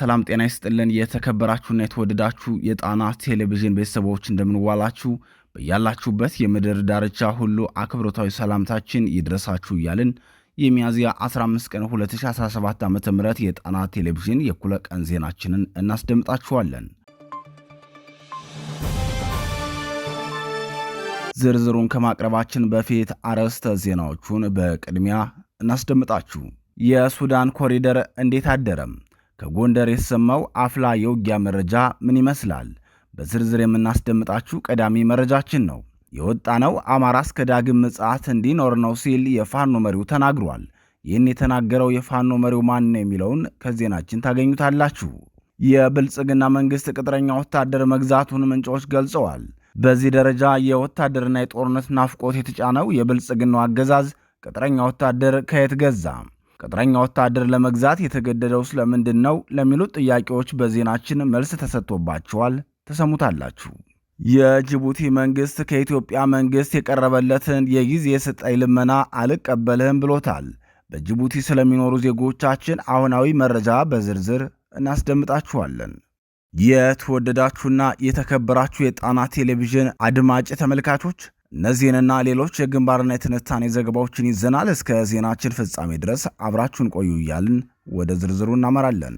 ሰላም ጤና ይስጥልን። የተከበራችሁና የተወደዳችሁ የጣና ቴሌቪዥን ቤተሰቦች እንደምንዋላችሁ፣ በያላችሁበት የምድር ዳርቻ ሁሉ አክብሮታዊ ሰላምታችን ይድረሳችሁ እያልን የሚያዝያ 15 ቀን 2017 ዓ ም የጣና ቴሌቪዥን የኩለ ቀን ዜናችንን እናስደምጣችኋለን። ዝርዝሩን ከማቅረባችን በፊት አርዕስተ ዜናዎቹን በቅድሚያ እናስደምጣችሁ። የሱዳን ኮሪደር እንዴት አደረም? ከጎንደር የተሰማው አፍላ የውጊያ መረጃ ምን ይመስላል? በዝርዝር የምናስደምጣችሁ ቀዳሚ መረጃችን ነው። የወጣ ነው አማራ እስከ ዳግም ምጽአት እንዲኖር ነው ሲል የፋኖ መሪው ተናግሯል። ይህን የተናገረው የፋኖ መሪው ማን ነው የሚለውን ከዜናችን ታገኙታላችሁ። የብልጽግና መንግስት ቅጥረኛ ወታደር መግዛቱን ምንጮች ገልጸዋል። በዚህ ደረጃ የወታደርና የጦርነት ናፍቆት የተጫነው የብልጽግናው አገዛዝ ቅጥረኛ ወታደር ከየት ገዛ? ቅጥረኛ ወታደር ለመግዛት የተገደደው ስለምንድን ነው ለሚሉት ጥያቄዎች በዜናችን መልስ ተሰጥቶባቸዋል። ተሰሙታላችሁ። የጅቡቲ መንግስት ከኢትዮጵያ መንግስት የቀረበለትን የጊዜ ስጠኝ ልመና አልቀበልህም ብሎታል። በጅቡቲ ስለሚኖሩ ዜጎቻችን አሁናዊ መረጃ በዝርዝር እናስደምጣችኋለን። የተወደዳችሁና የተከበራችሁ የጣና ቴሌቪዥን አድማጭ ተመልካቾች እነዚህንና ሌሎች የግንባርና የትንታኔ ዘገባዎችን ይዘናል። እስከ ዜናችን ፍጻሜ ድረስ አብራችሁን ቆዩ እያልን ወደ ዝርዝሩ እናመራለን።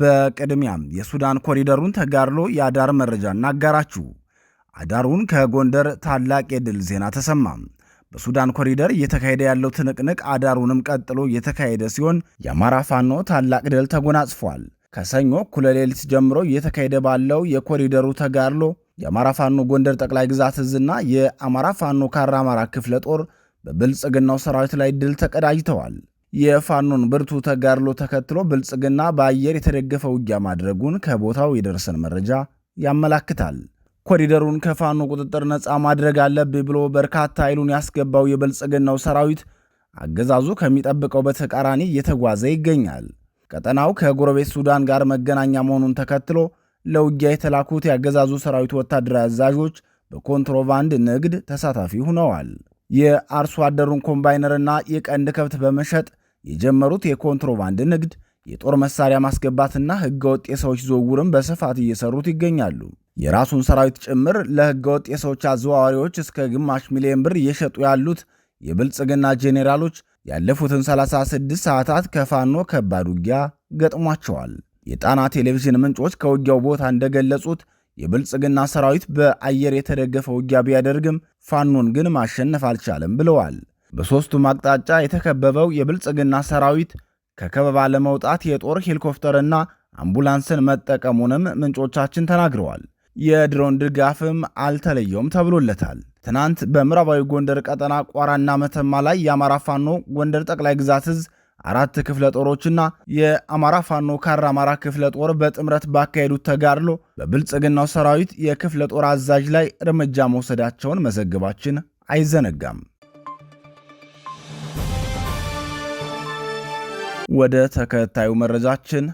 በቅድሚያም የሱዳን ኮሪደሩን ተጋድሎ የአዳር መረጃ እናጋራችሁ። አዳሩን ከጎንደር ታላቅ የድል ዜና ተሰማ። በሱዳን ኮሪደር እየተካሄደ ያለው ትንቅንቅ አዳሩንም ቀጥሎ እየተካሄደ ሲሆን የአማራ ፋኖ ታላቅ ድል ተጎናጽፏል። ከሰኞ እኩለ ሌሊት ጀምሮ እየተካሄደ ባለው የኮሪደሩ ተጋድሎ የአማራ ፋኖ ጎንደር ጠቅላይ ግዛት እዝና የአማራ ፋኖ ካራ አማራ ክፍለ ጦር በብልጽግናው ሰራዊት ላይ ድል ተቀዳጅተዋል። የፋኖን ብርቱ ተጋድሎ ተከትሎ ብልጽግና በአየር የተደገፈ ውጊያ ማድረጉን ከቦታው የደረሰን መረጃ ያመላክታል። ኮሪደሩን ከፋኖ ቁጥጥር ነፃ ማድረግ አለብኝ ብሎ በርካታ ኃይሉን ያስገባው የብልጽግናው ሰራዊት አገዛዙ ከሚጠብቀው በተቃራኒ እየተጓዘ ይገኛል። ቀጠናው ከጎረቤት ሱዳን ጋር መገናኛ መሆኑን ተከትሎ ለውጊያ የተላኩት የአገዛዙ ሰራዊት ወታደራዊ አዛዦች በኮንትሮባንድ ንግድ ተሳታፊ ሆነዋል። የአርሶ አደሩን ኮምባይነርና የቀንድ ከብት በመሸጥ የጀመሩት የኮንትሮባንድ ንግድ የጦር መሳሪያ ማስገባትና ህገወጥ የሰዎች ዝውውርን በስፋት እየሰሩት ይገኛሉ። የራሱን ሰራዊት ጭምር ለህገወጥ የሰዎች አዘዋዋሪዎች እስከ ግማሽ ሚሊዮን ብር እየሸጡ ያሉት የብልጽግና ጄኔራሎች ያለፉትን 36 ሰዓታት ከፋኖ ከባድ ውጊያ ገጥሟቸዋል። የጣና ቴሌቪዥን ምንጮች ከውጊያው ቦታ እንደገለጹት የብልጽግና ሰራዊት በአየር የተደገፈ ውጊያ ቢያደርግም ፋኖን ግን ማሸነፍ አልቻለም ብለዋል። በሦስቱም አቅጣጫ የተከበበው የብልጽግና ሰራዊት ከከበባ ለመውጣት የጦር ሄሊኮፕተርና አምቡላንስን መጠቀሙንም ምንጮቻችን ተናግረዋል። የድሮን ድጋፍም አልተለየውም ተብሎለታል። ትናንት በምዕራባዊ ጎንደር ቀጠና ቋራና መተማ ላይ የአማራ ፋኖ ጎንደር ጠቅላይ ግዛት እዝ አራት ክፍለ ጦሮችና የአማራ ፋኖ ካራ አማራ ክፍለ ጦር በጥምረት ባካሄዱት ተጋድሎ በብልጽግናው ሰራዊት የክፍለ ጦር አዛዥ ላይ እርምጃ መውሰዳቸውን መዘገባችን አይዘነጋም። ወደ ተከታዩ መረጃችን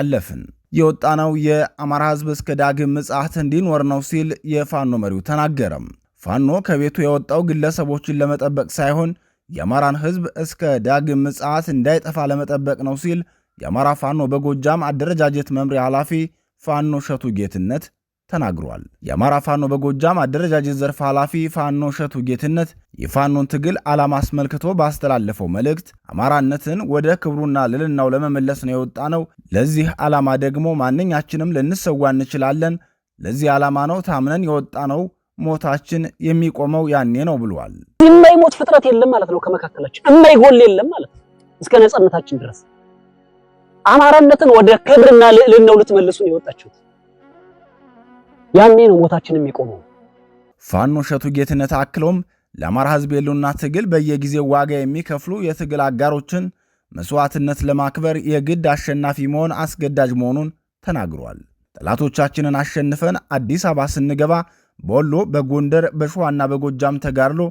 አለፍን። የወጣ ነው። የአማራ ህዝብ እስከ ዳግም ምጽአት እንዲኖር ነው ሲል የፋኖ መሪው ተናገረም። ፋኖ ከቤቱ የወጣው ግለሰቦችን ለመጠበቅ ሳይሆን የአማራን ህዝብ እስከ ዳግም ምጽአት እንዳይጠፋ ለመጠበቅ ነው ሲል የአማራ ፋኖ በጎጃም አደረጃጀት መምሪያ ኃላፊ ፋኖ ሸቱ ጌትነት ተናግሯል። የአማራ ፋኖ በጎጃም አደረጃጀት ዘርፍ ኃላፊ ፋኖ ሸቱ ጌትነት የፋኖን ትግል ዓላማ አስመልክቶ ባስተላለፈው መልእክት አማራነትን ወደ ክብሩና ልዕልናው ለመመለስ ነው የወጣ ነው። ለዚህ ዓላማ ደግሞ ማንኛችንም ልንሰዋ እንችላለን። ለዚህ ዓላማ ነው ታምነን የወጣ ነው። ሞታችን የሚቆመው ያኔ ነው ብሏል። የማይሞት ፍጥረት የለም ማለት ነው። ከመካከላችን የማይጎል የለም ማለት ነው። እስከ ነጻነታችን ድረስ አማራነትን ወደ ክብርና ልልናው ልትመልሱ ነው የወጣችሁት። ያኔ ነው ሞታችን የሚቆመው። ፋኖ እሸቱ ጌትነት አክሎም ለአማራ ሕዝብ የሉና ትግል በየጊዜው ዋጋ የሚከፍሉ የትግል አጋሮችን መስዋዕትነት ለማክበር የግድ አሸናፊ መሆን አስገዳጅ መሆኑን ተናግሯል። ጠላቶቻችንን አሸንፈን አዲስ አበባ ስንገባ በወሎ፣ በጎንደር፣ በሸዋና በጎጃም ተጋድሎ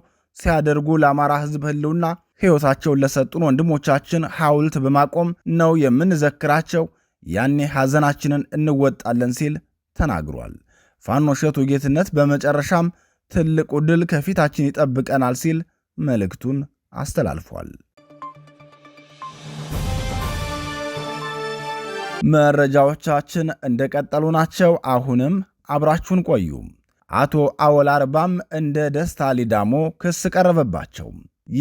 ሲያደርጉ ለአማራ ሕዝብ ህልውና ሕይወታቸውን ለሰጡን ወንድሞቻችን ሐውልት በማቆም ነው የምንዘክራቸው። ያኔ ሐዘናችንን እንወጣለን ሲል ተናግሯል። ፋኖ እሸቱ ጌትነት በመጨረሻም ትልቁ ድል ከፊታችን ይጠብቀናል ሲል መልእክቱን አስተላልፏል። መረጃዎቻችን እንደቀጠሉ ናቸው። አሁንም አብራችሁን ቆዩ። አቶ አወል አርባም እንደ ደስታ ሊዳሞ ክስ ቀረበባቸው።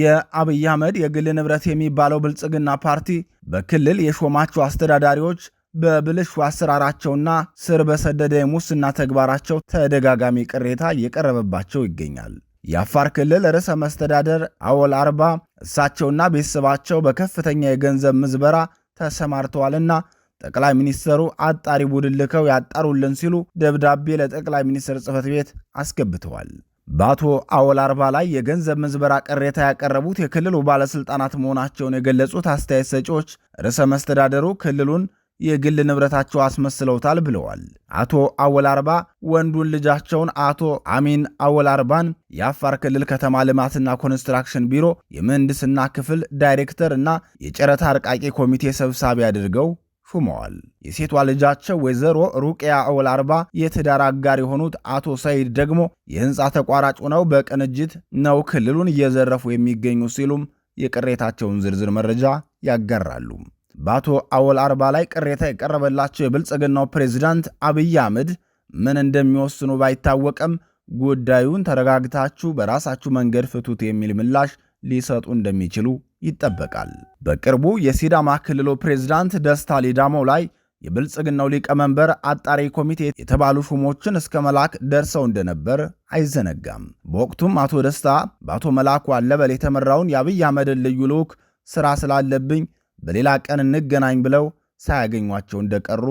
የአብይ አህመድ የግል ንብረት የሚባለው ብልጽግና ፓርቲ በክልል የሾማቸው አስተዳዳሪዎች በብልሹ አሰራራቸውና ስር በሰደደ የሙስና ተግባራቸው ተደጋጋሚ ቅሬታ እየቀረበባቸው ይገኛል። የአፋር ክልል ርዕሰ መስተዳደር አወል አርባ እሳቸውና ቤተሰባቸው በከፍተኛ የገንዘብ ምዝበራ ተሰማርተዋልና ጠቅላይ ሚኒስትሩ አጣሪ ቡድን ልከው ያጣሩልን ሲሉ ደብዳቤ ለጠቅላይ ሚኒስትር ጽህፈት ቤት አስገብተዋል። በአቶ አወል አርባ ላይ የገንዘብ ምዝበራ ቅሬታ ያቀረቡት የክልሉ ባለሥልጣናት መሆናቸውን የገለጹት አስተያየት ሰጪዎች ርዕሰ መስተዳደሩ ክልሉን የግል ንብረታቸው አስመስለውታል ብለዋል። አቶ አወል አርባ ወንዱን ልጃቸውን አቶ አሚን አወል አርባን የአፋር ክልል ከተማ ልማትና ኮንስትራክሽን ቢሮ የምህንድስና ክፍል ዳይሬክተር እና የጨረታ አርቃቂ ኮሚቴ ሰብሳቢ አድርገው ሹመዋል። የሴቷ ልጃቸው ወይዘሮ ሩቅያ አወል አርባ የትዳር አጋር የሆኑት አቶ ሰይድ ደግሞ የህንፃ ተቋራጭ ሆነው በቅንጅት ነው ክልሉን እየዘረፉ የሚገኙ ሲሉም የቅሬታቸውን ዝርዝር መረጃ ያጋራሉ። በአቶ አወል አርባ ላይ ቅሬታ የቀረበላቸው የብልጽግናው ፕሬዚዳንት አብይ አህመድ ምን እንደሚወስኑ ባይታወቅም ጉዳዩን ተረጋግታችሁ በራሳችሁ መንገድ ፍቱት የሚል ምላሽ ሊሰጡ እንደሚችሉ ይጠበቃል። በቅርቡ የሲዳማ ክልሉ ፕሬዚዳንት ደስታ ሊዳሞ ላይ የብልጽግናው ሊቀመንበር አጣሪ ኮሚቴ የተባሉ ሹሞችን እስከ መላክ ደርሰው እንደነበር አይዘነጋም። በወቅቱም አቶ ደስታ በአቶ መላኩ አለበል የተመራውን የአብይ አህመድን ልዩ ልዑክ ስራ ስላለብኝ በሌላ ቀን እንገናኝ ብለው ሳያገኟቸው እንደቀሩ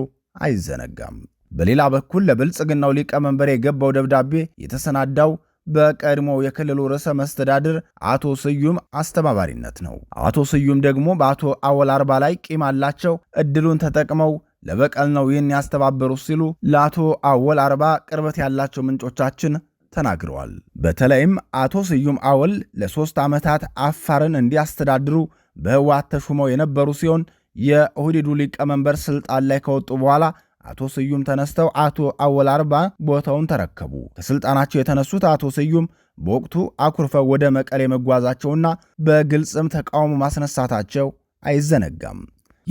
አይዘነጋም። በሌላ በኩል ለብልጽግናው ሊቀመንበር የገባው ደብዳቤ የተሰናዳው በቀድሞው የክልሉ ርዕሰ መስተዳድር አቶ ስዩም አስተባባሪነት ነው። አቶ ስዩም ደግሞ በአቶ አወል አርባ ላይ ቂም አላቸው፣ እድሉን ተጠቅመው ለበቀል ነው ይህን ያስተባበሩት ሲሉ ለአቶ አወል አርባ ቅርበት ያላቸው ምንጮቻችን ተናግረዋል። በተለይም አቶ ስዩም አወል ለሶስት ዓመታት አፋርን እንዲያስተዳድሩ በህወሓት ተሹመው የነበሩ ሲሆን የኦህዴዱ ሊቀመንበር ስልጣን ላይ ከወጡ በኋላ አቶ ስዩም ተነስተው አቶ አወል አርባ ቦታውን ተረከቡ። ከስልጣናቸው የተነሱት አቶ ስዩም በወቅቱ አኩርፈው ወደ መቀሌ መጓዛቸውና በግልጽም ተቃውሞ ማስነሳታቸው አይዘነጋም።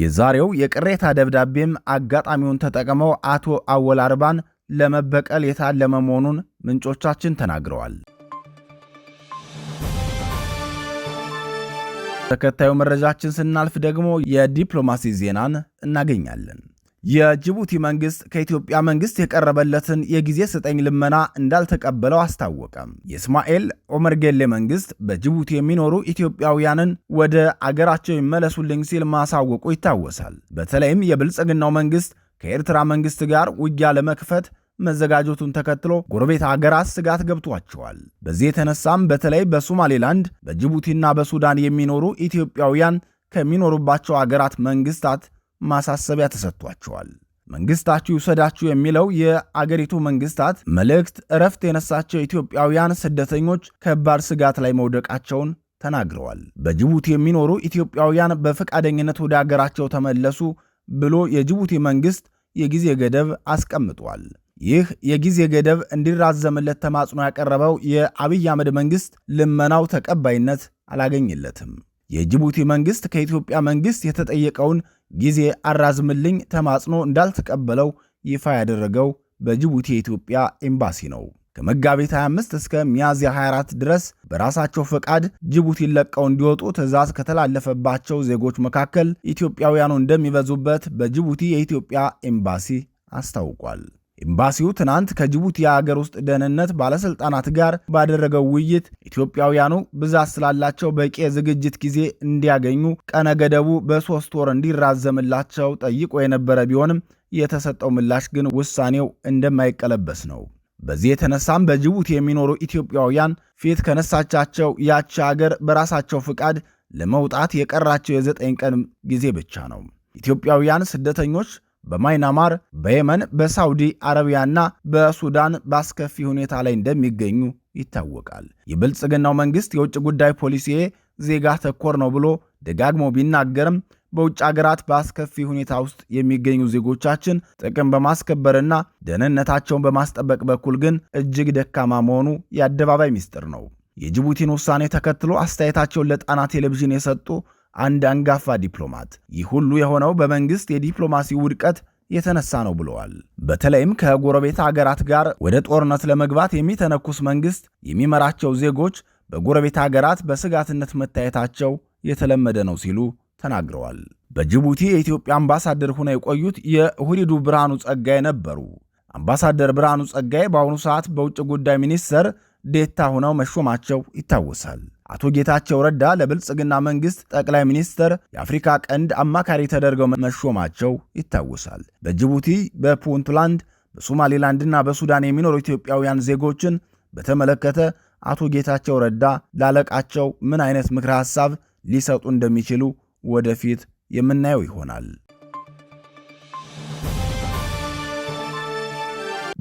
የዛሬው የቅሬታ ደብዳቤም አጋጣሚውን ተጠቅመው አቶ አወል አርባን ለመበቀል የታለመ መሆኑን ምንጮቻችን ተናግረዋል። ተከታዩ መረጃችን ስናልፍ ደግሞ የዲፕሎማሲ ዜናን እናገኛለን። የጅቡቲ መንግስት ከኢትዮጵያ መንግስት የቀረበለትን የጊዜ ስጠኝ ልመና እንዳልተቀበለው አስታወቀም። የእስማኤል ኦመር ጌሌ መንግስት በጅቡቲ የሚኖሩ ኢትዮጵያውያንን ወደ አገራቸው ይመለሱልኝ ሲል ማሳወቁ ይታወሳል። በተለይም የብልጽግናው መንግስት ከኤርትራ መንግስት ጋር ውጊያ ለመክፈት መዘጋጀቱን ተከትሎ ጎረቤት አገራት ስጋት ገብቷቸዋል። በዚህ የተነሳም በተለይ በሶማሌላንድ በጅቡቲና በሱዳን የሚኖሩ ኢትዮጵያውያን ከሚኖሩባቸው አገራት መንግስታት ማሳሰቢያ ተሰጥቷቸዋል። መንግስታችሁ ይውሰዳችሁ የሚለው የአገሪቱ መንግስታት መልእክት እረፍት የነሳቸው ኢትዮጵያውያን ስደተኞች ከባድ ስጋት ላይ መውደቃቸውን ተናግረዋል። በጅቡቲ የሚኖሩ ኢትዮጵያውያን በፈቃደኝነት ወደ አገራቸው ተመለሱ ብሎ የጅቡቲ መንግስት የጊዜ ገደብ አስቀምጧል። ይህ የጊዜ ገደብ እንዲራዘምለት ተማጽኖ ያቀረበው የአብይ አህመድ መንግስት ልመናው ተቀባይነት አላገኘለትም። የጅቡቲ መንግስት ከኢትዮጵያ መንግስት የተጠየቀውን ጊዜ አራዝምልኝ ተማጽኖ እንዳልተቀበለው ይፋ ያደረገው በጅቡቲ የኢትዮጵያ ኤምባሲ ነው። ከመጋቢት 25 እስከ ሚያዝያ 24 ድረስ በራሳቸው ፈቃድ ጅቡቲን ለቀው እንዲወጡ ትዕዛዝ ከተላለፈባቸው ዜጎች መካከል ኢትዮጵያውያኑ እንደሚበዙበት በጅቡቲ የኢትዮጵያ ኤምባሲ አስታውቋል። ኤምባሲው ትናንት ከጅቡቲ የሀገር ውስጥ ደህንነት ባለስልጣናት ጋር ባደረገው ውይይት ኢትዮጵያውያኑ ብዛት ስላላቸው በቂ የዝግጅት ጊዜ እንዲያገኙ ቀነ ገደቡ በሶስት ወር እንዲራዘምላቸው ጠይቆ የነበረ ቢሆንም የተሰጠው ምላሽ ግን ውሳኔው እንደማይቀለበስ ነው። በዚህ የተነሳም በጅቡቲ የሚኖሩ ኢትዮጵያውያን ፊት ከነሳቻቸው ያቺ ሀገር በራሳቸው ፍቃድ ለመውጣት የቀራቸው የዘጠኝ ቀን ጊዜ ብቻ ነው። ኢትዮጵያውያን ስደተኞች በማይናማር በየመን በሳውዲ አረቢያና በሱዳን በአስከፊ ሁኔታ ላይ እንደሚገኙ ይታወቃል። የብልጽግናው መንግሥት የውጭ ጉዳይ ፖሊሲዬ ዜጋ ተኮር ነው ብሎ ደጋግሞ ቢናገርም በውጭ አገራት በአስከፊ ሁኔታ ውስጥ የሚገኙ ዜጎቻችን ጥቅም በማስከበርና ደህንነታቸውን በማስጠበቅ በኩል ግን እጅግ ደካማ መሆኑ የአደባባይ ሚስጥር ነው። የጅቡቲን ውሳኔ ተከትሎ አስተያየታቸውን ለጣና ቴሌቪዥን የሰጡ አንድ አንጋፋ ዲፕሎማት ይህ ሁሉ የሆነው በመንግስት የዲፕሎማሲ ውድቀት የተነሳ ነው ብለዋል። በተለይም ከጎረቤት አገራት ጋር ወደ ጦርነት ለመግባት የሚተነኩስ መንግስት የሚመራቸው ዜጎች በጎረቤት አገራት በስጋትነት መታየታቸው የተለመደ ነው ሲሉ ተናግረዋል። በጅቡቲ የኢትዮጵያ አምባሳደር ሆነው የቆዩት የሁዲዱ ብርሃኑ ጸጋይ ነበሩ። አምባሳደር ብርሃኑ ጸጋይ በአሁኑ ሰዓት በውጭ ጉዳይ ሚኒስቴር ዴታ ሆነው መሾማቸው ይታወሳል። አቶ ጌታቸው ረዳ ለብልጽግና መንግስት ጠቅላይ ሚኒስትር የአፍሪካ ቀንድ አማካሪ ተደርገው መሾማቸው ይታወሳል። በጅቡቲ፣ በፑንትላንድ፣ በሶማሌላንድና በሱዳን የሚኖሩ ኢትዮጵያውያን ዜጎችን በተመለከተ አቶ ጌታቸው ረዳ ላለቃቸው ምን አይነት ምክረ ሐሳብ ሊሰጡ እንደሚችሉ ወደፊት የምናየው ይሆናል።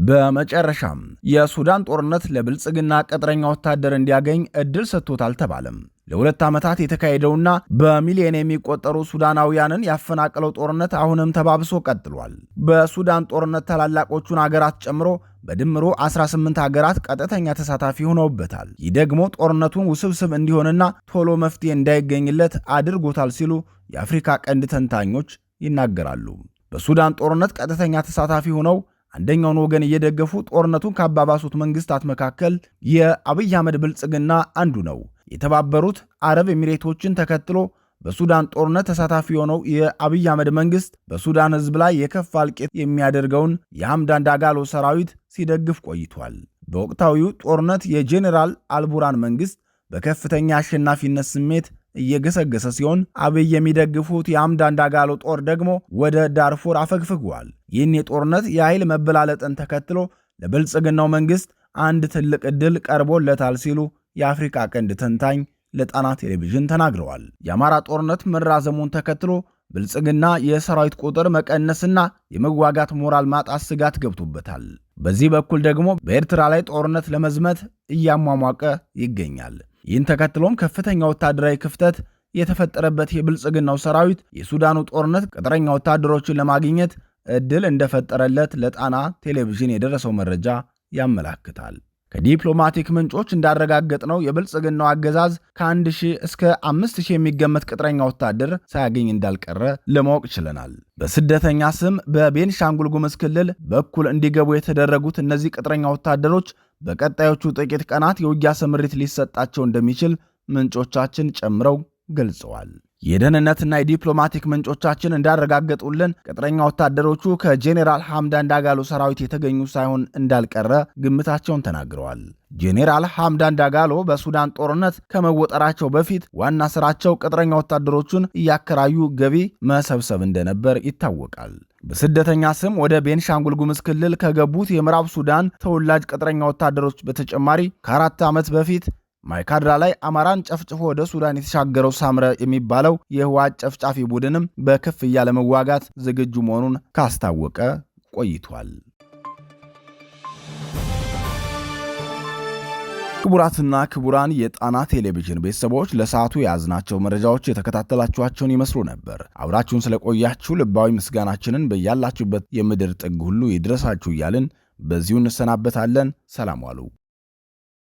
በመጨረሻም የሱዳን ጦርነት ለብልጽግና ቅጥረኛ ወታደር እንዲያገኝ እድል ሰጥቶት አልተባለም። ለሁለት ዓመታት የተካሄደውና በሚሊዮን የሚቆጠሩ ሱዳናውያንን ያፈናቀለው ጦርነት አሁንም ተባብሶ ቀጥሏል። በሱዳን ጦርነት ታላላቆቹን አገራት ጨምሮ በድምሩ 18 ሀገራት ቀጥተኛ ተሳታፊ ሆነውበታል። ይህ ደግሞ ጦርነቱን ውስብስብ እንዲሆንና ቶሎ መፍትሄ እንዳይገኝለት አድርጎታል ሲሉ የአፍሪካ ቀንድ ተንታኞች ይናገራሉ። በሱዳን ጦርነት ቀጥተኛ ተሳታፊ ሆነው አንደኛውን ወገን እየደገፉ ጦርነቱን ካባባሱት መንግስታት መካከል የአብይ አህመድ ብልጽግና አንዱ ነው። የተባበሩት አረብ ኤሚሬቶችን ተከትሎ በሱዳን ጦርነት ተሳታፊ የሆነው የአብይ አህመድ መንግስት በሱዳን ህዝብ ላይ የከፋ እልቂት የሚያደርገውን የሐምዳን ዳጋሎ ሰራዊት ሲደግፍ ቆይቷል። በወቅታዊው ጦርነት የጄኔራል አልቡራን መንግስት በከፍተኛ አሸናፊነት ስሜት እየገሰገሰ ሲሆን አብይ የሚደግፉት የአምዳንድ አጋሎ ጦር ደግሞ ወደ ዳርፉር አፈግፍጓል። ይህን የጦርነት የኃይል መበላለጥን ተከትሎ ለብልጽግናው መንግስት አንድ ትልቅ ዕድል ቀርቦለታል ሲሉ የአፍሪካ ቀንድ ተንታኝ ለጣና ቴሌቪዥን ተናግረዋል። የአማራ ጦርነት መራዘሙን ተከትሎ ብልጽግና የሰራዊት ቁጥር መቀነስና የመዋጋት ሞራል ማጣት ስጋት ገብቶበታል። በዚህ በኩል ደግሞ በኤርትራ ላይ ጦርነት ለመዝመት እያሟሟቀ ይገኛል። ይህን ተከትሎም ከፍተኛ ወታደራዊ ክፍተት የተፈጠረበት የብልጽግናው ሰራዊት የሱዳኑ ጦርነት ቅጥረኛ ወታደሮችን ለማግኘት እድል እንደፈጠረለት ለጣና ቴሌቪዥን የደረሰው መረጃ ያመላክታል። ከዲፕሎማቲክ ምንጮች እንዳረጋገጥ ነው የብልጽግናው አገዛዝ ከ ሺህ እስከ 5000 ሺህ የሚገመት ቅጥረኛ ወታደር ሳያገኝ እንዳልቀረ ለማወቅ ችለናል። በስደተኛ ስም በቤንሻንጉል ጉምዝ ክልል በኩል እንዲገቡ የተደረጉት እነዚህ ቅጥረኛ ወታደሮች በቀጣዮቹ ጥቂት ቀናት የውጊያ ስምሪት ሊሰጣቸው እንደሚችል ምንጮቻችን ጨምረው ገልጸዋል። የደህንነትና የዲፕሎማቲክ ምንጮቻችን እንዳረጋገጡልን ቅጥረኛ ወታደሮቹ ከጄኔራል ሐምዳን ዳጋሎ ሰራዊት የተገኙ ሳይሆን እንዳልቀረ ግምታቸውን ተናግረዋል። ጄኔራል ሐምዳን ዳጋሎ በሱዳን ጦርነት ከመወጠራቸው በፊት ዋና ስራቸው ቅጥረኛ ወታደሮቹን እያከራዩ ገቢ መሰብሰብ እንደነበር ይታወቃል። በስደተኛ ስም ወደ ቤንሻንጉል ጉምዝ ክልል ከገቡት የምዕራብ ሱዳን ተወላጅ ቅጥረኛ ወታደሮች በተጨማሪ ከአራት ዓመት በፊት ማይካድራ ላይ አማራን ጨፍጭፎ ወደ ሱዳን የተሻገረው ሳምረ የሚባለው የህወሓት ጨፍጫፊ ቡድንም በክፍያ ለመዋጋት ዝግጁ መሆኑን ካስታወቀ ቆይቷል። ክቡራትና ክቡራን የጣና ቴሌቪዥን ቤተሰቦች ለሰዓቱ የያዝናቸው መረጃዎች የተከታተላችኋቸውን ይመስሉ ነበር። አብራችሁን ስለቆያችሁ ልባዊ ምስጋናችንን በያላችሁበት የምድር ጥግ ሁሉ ይድረሳችሁ እያልን በዚሁ እንሰናበታለን። ሰላም ዋሉ።